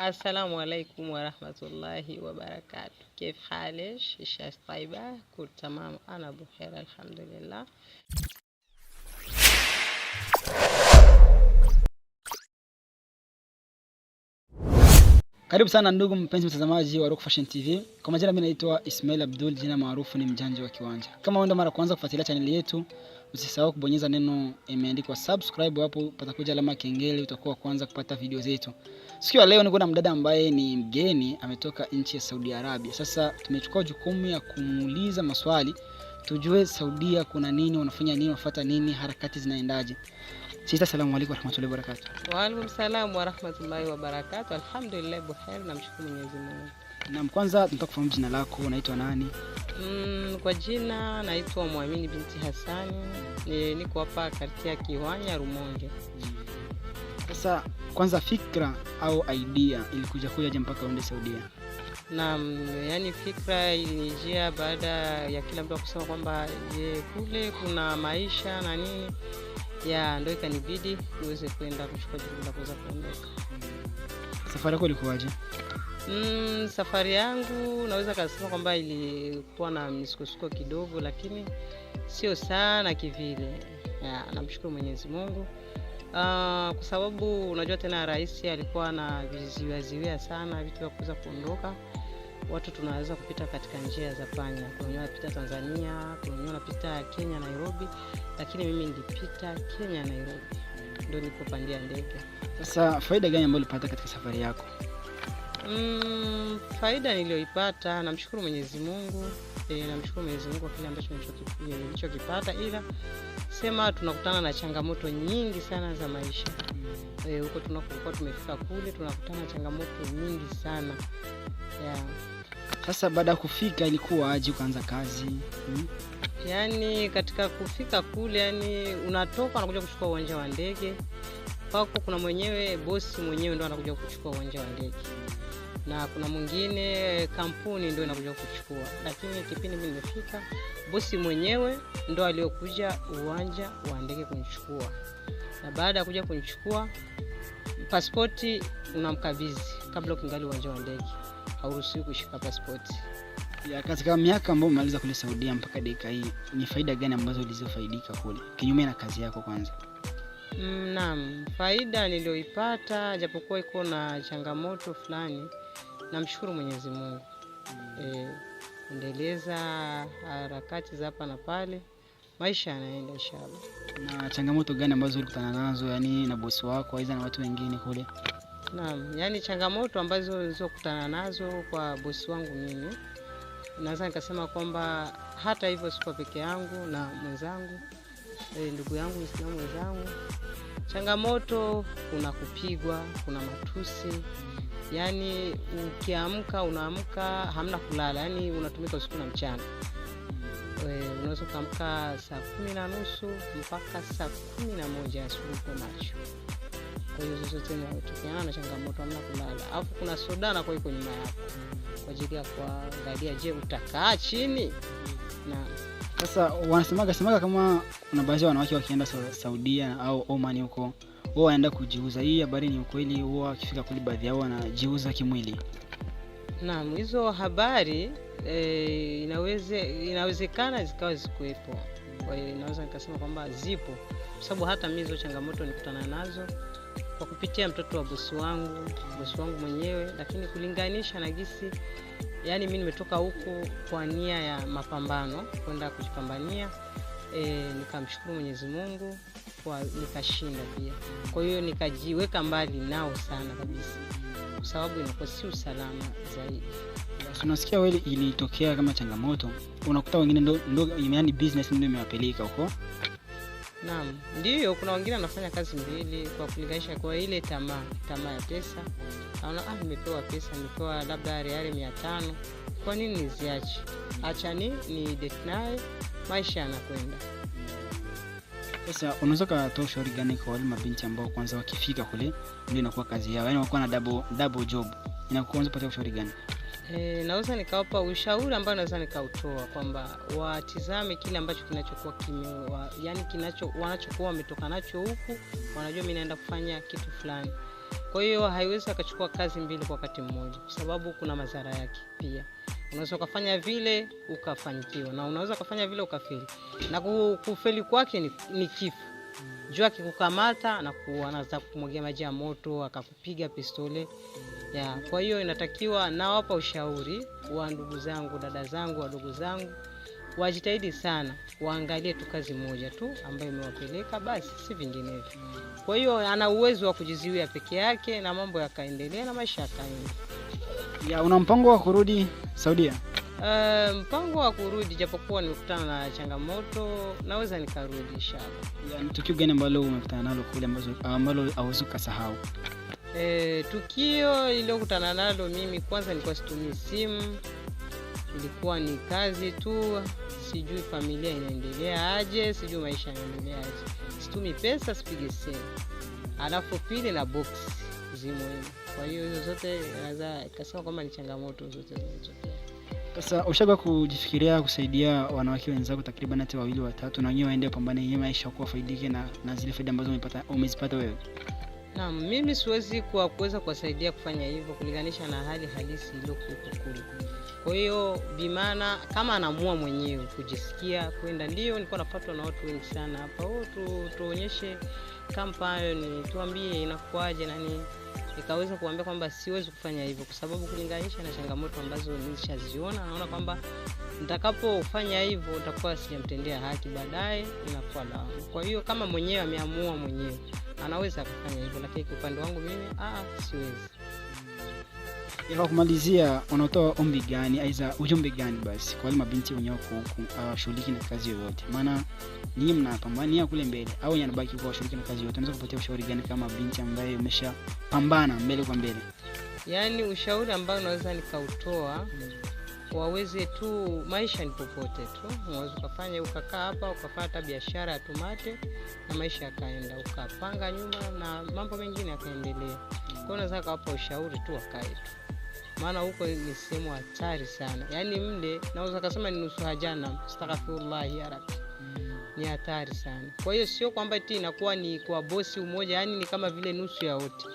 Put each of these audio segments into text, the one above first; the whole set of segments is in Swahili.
আসসালামু warahmatullahi wabarakatu ওবরাকাত কেফ হালেশ ইশাস তাইবা কুরতামাম আনা বুখের alhamdulillah. Karibu sana ndugu mpenzi mtazamaji wa Rock Fashion TV. Kwa majina mimi naitwa Ismail Abdul, jina maarufu ni mjanja wa kiwanja. Kama wewe ndo mara kwanza kufuatilia chaneli yetu, usisahau kubonyeza neno imeandikwa subscribe hapo patakuja alama kengele utakuwa kwanza kupata video zetu. Siku ya leo niko na mdada ambaye ni mgeni ametoka nchi ya Saudi Arabia. Sasa tumechukua jukumu ya kumuuliza maswali tujue Saudia kuna nini, wanafanya nini, wafuata nini, harakati zinaendaje. Sita, salamu alaykum warahmatullahi wabarakatuh. Wa alaykum warahmatullahi wabarakatuh. Alhamdulillah buheri, namshukuru Mwenyezi Mungu. Naam, kwanza nataka kufahamu jina lako, unaitwa nani? Mm, kwa jina naitwa Mwamini binti Hasani, niko hapa katika Kiwanya Rumonge. Mm. Sasa kwanza, fikra au idea ilikuja kujaje mpaka uende Saudia? Naam, yani fikra ilinijia baada ya kila mtu kusema kwamba je, kule kuna maisha na nini ya ndo ikanibidi niweze kwenda kuchukua jukumu la kuweza kuondoka. Safari yako ilikuwaje? Mm, safari yangu naweza kasema kwamba ilikuwa na misukosuko kidogo, lakini sio sana kivile. Namshukuru Mwenyezi Mungu Uh, kwa sababu unajua tena rais alikuwa na anaviziwiaziwia sana vitu vya kuweza kuondoka. Watu tunaweza kupita katika njia za panya, kuna wenyewe Tanzania, kuna napita Kenya Nairobi, lakini mimi nilipita Kenya Nairobi, ndio nilipopandia ndege. Sasa faida gani ambayo ulipata katika safari yako? Mm, faida niliyoipata, namshukuru Mwenyezi Mungu E, namshukuru Mwenyezi Mungu kwa kile ambacho nilichokipata, ila sema tunakutana na changamoto nyingi sana za maisha eh, huko. E, tunakokuwa tumefika kule tunakutana na changamoto nyingi sana yeah. Sasa baada ya kufika ilikuwa aje kuanza kazi hmm? Yaani katika kufika kule, yani unatoka unakuja kuchukua uwanja wa ndege kwako, kuna mwenyewe bosi mwenyewe ndo anakuja kuchukua uwanja wa ndege na kuna mwingine eh, kampuni ndio inakuja kuchukua, lakini kipindi mimi nimefika, bosi mwenyewe ndo aliyokuja uwanja wa ndege kunichukua, na baada ya kuja kunichukua, pasipoti unamkabidhi kabla ukingali uwanja wa ndege, hauruhusiwi kushika pasipoti. Ya, katika miaka ambayo umemaliza kule Saudia mpaka dakika hii ni faida gani ambazo ulizofaidika kule kinyume na kazi yako kwanza? Mm, naam, faida niliyoipata japokuwa iko na changamoto fulani namshukuru Mwenyezi Mungu mm. e, harakati za hapa na pale, maisha yanaenda inshallah. Na changamoto gani ambazo ulikutana nazo yani na bosi wako aidha na watu wengine kule? Naam, yani changamoto ambazo nilizokutana nazo kwa bosi wangu mimi naweza nikasema kwamba hata hivyo sikwa peke yangu na mwenzangu e, ndugu yangu Muislamu mwenzangu, changamoto kuna kupigwa, kuna matusi yani ukiamka unaamka hamna kulala, yani unatumika usiku na mchana. Unaweza ukaamka saa kumi na nusu mpaka saa kumi na moja asubuhi kwa macho. kwahiyo zozote zote na changamoto, amna kulala. Alafu kuna sodana kwa nyuma yako kwa ajili ya kuangalia, je, utakaa chini na sasa wanasemaga semaga kama kuna baadhi ya wanawake wakienda Saudia au Oman huko wao wanaenda kujiuza. Hii habari ni ukweli, huwa wakifika kule baadhi yao wanajiuza kimwili. Naam, hizo habari e, inaweze inawezekana zikawa zikuwepo. Kwa hiyo inaweza nikasema kwamba zipo, kwa sababu hata mimi hizo changamoto nikutana nazo kwa kupitia mtoto wa bosi wangu, bosi wangu mwenyewe, lakini kulinganisha na gisi yani mimi nimetoka huku kwa nia ya mapambano kwenda kujipambania. E, nikamshukuru Mwenyezi Mungu nikashinda pia. Kwa hiyo nikajiweka mbali nao sana kabisa, kwa sababu inakuwa si usalama zaidi. Unasikia wewe ilitokea kama changamoto, unakuta wengine ndo, ndo yani business ndio imewapeleka huko. Naam, ndiyo, kuna wengine wanafanya kazi mbili kwa kulinganisha, kwa ile tamaa tamaa ya pesa, anaona ah, nimepewa pesa, nimepewa labda reali mia tano, kwa nini niziache? Acha ni ni date maisha yanakwenda sasa unaweza ukatoa ushauri gani kwa wale mabinti ambao kwanza wakifika kule ndio inakuwa kazi yao, yaani wanakuwa na double double job, inakuwa kwanza pata ushauri gani? Eh, naweza nikawapa ushauri ambao naweza nikautoa kwamba watizame kile ambacho kinachokuwa wa, yani kinacho wanachokuwa wametoka nacho huku, wanajua mimi naenda kufanya kitu fulani. Kwa hiyo haiwezi akachukua kazi mbili kwa wakati mmoja, kwa sababu kuna madhara yake pia. Unaweza ukafanya vile ukafanikiwa, na unaweza ukafanya vile ukafeli, na kufeli kwake ni, ni kifo. Jua akikukamata na kuanza kumwagia maji ya moto, akakupiga pistole ya. Kwa hiyo inatakiwa, nawapa ushauri wa ndugu zangu, dada zangu, wadogo zangu wajitahidi sana, waangalie tu kazi moja tu ambayo imewapeleka basi, si vinginevyo. Kwa hiyo ana uwezo wa kujiziwia peke yake, na mambo yakaendelea na maisha yakaenda. Ya, una mpango wa kurudi Saudia? Uh, mpango wa kurudi japokuwa nimekutana na changamoto, naweza nikarudi inshallah. ni tukio gani ambalo umekutana nalo kule ambalo hauwezi kusahau? E, eh, tukio lililokutana nalo mimi kwanza nilikuwa situmii simu, ilikuwa ni kazi tu, sijui familia inaendelea aje, sijui maisha yanaendelea aje, situmi pesa, sipige simu, alafu pili na box zimuhimu kwa hiyo hizo zote naweza kasema kwamba ni changamoto zote zinazotokea Sasa ushaga kujifikiria kusaidia wanawake wenzako takriban hata wawili watatu, na wenyewe waende wapambane yenyewe maisha kuwa faidike na, na zile faida ambazo umezipata wewe? Naam, mimi siwezi kwa kuweza kuwasaidia kufanya hivyo kulinganisha na hali halisi iliyokuwepo kule. Kwa hiyo bimana kama anaamua mwenyewe kujisikia kwenda, ndio nilikuwa napatwa na watu wengi sana hapa, oh, tu kampani, tuambie inakuwaje nani nikaweza kuambia kwamba siwezi kufanya hivyo, kwa sababu kulinganisha na changamoto ambazo nilishaziona naona kwamba nitakapofanya hivyo nitakuwa sijamtendea haki, baadaye inakuwa la Kwa hiyo kama mwenyewe ameamua mwenyewe anaweza kufanya hivyo, lakini kwa upande wangu mimi ah, siwezi kwa kumalizia, unatoa ombi gani aidha ujumbe gani basi kwa wale mabinti wenyewe huku awashughuliki ah, na kazi yoyote? Maana ninyi mnapambania kule mbele, au wenye anabaki kwa washughuliki na kazi yoyote, unaweza kupatia ushauri gani kama binti ambaye umeshapambana mbele kwa mbele? Yaani ushauri ambao naweza nikautoa hmm. waweze tu, maisha ni popote tu, unaweza ukafanya ukakaa hapa ukapata biashara ya tumate na maisha yakaenda, ukapanga nyuma na mambo mengine yakaendelea. Kwa hiyo naweza kawapa ushauri tu wakae tu maana huko ni sehemu hatari sana, yaani mle naweza kasema ni nusu hajana, astaghfirullahi ya mm. ni hatari sana. Kwa hiyo sio kwamba ti inakuwa ni kwa bosi umoja, yaani ni kama vile nusu ya wote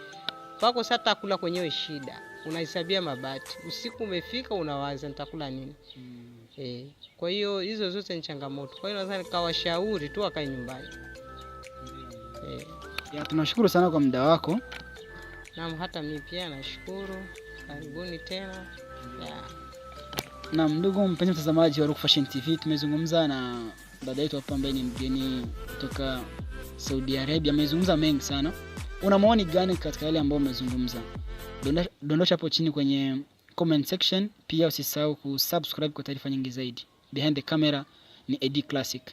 kwako. sa takula kwenyewe shida, unahesabia mabati, usiku umefika, unawaza nitakula nini? mm. E, kwa hiyo hizo zote ni changamoto. Kwa hiyo naweza nikawashauri tu wakae nyumbani. E. tunashukuru sana kwa muda wako. Naam, hata mi pia nashukuru. Karibuni tena yeah. Na mdogo mpenzi mtazamaji wa Rock Fashion TV, tumezungumza na dada yetu hapa ambaye ni mgeni kutoka Saudi Arabia, amezungumza mengi sana. Una maoni gani katika yale ambayo umezungumza? Dondosha hapo chini kwenye comment section, pia usisahau kusubscribe kwa taarifa nyingi zaidi. Behind the camera ni AD Classic.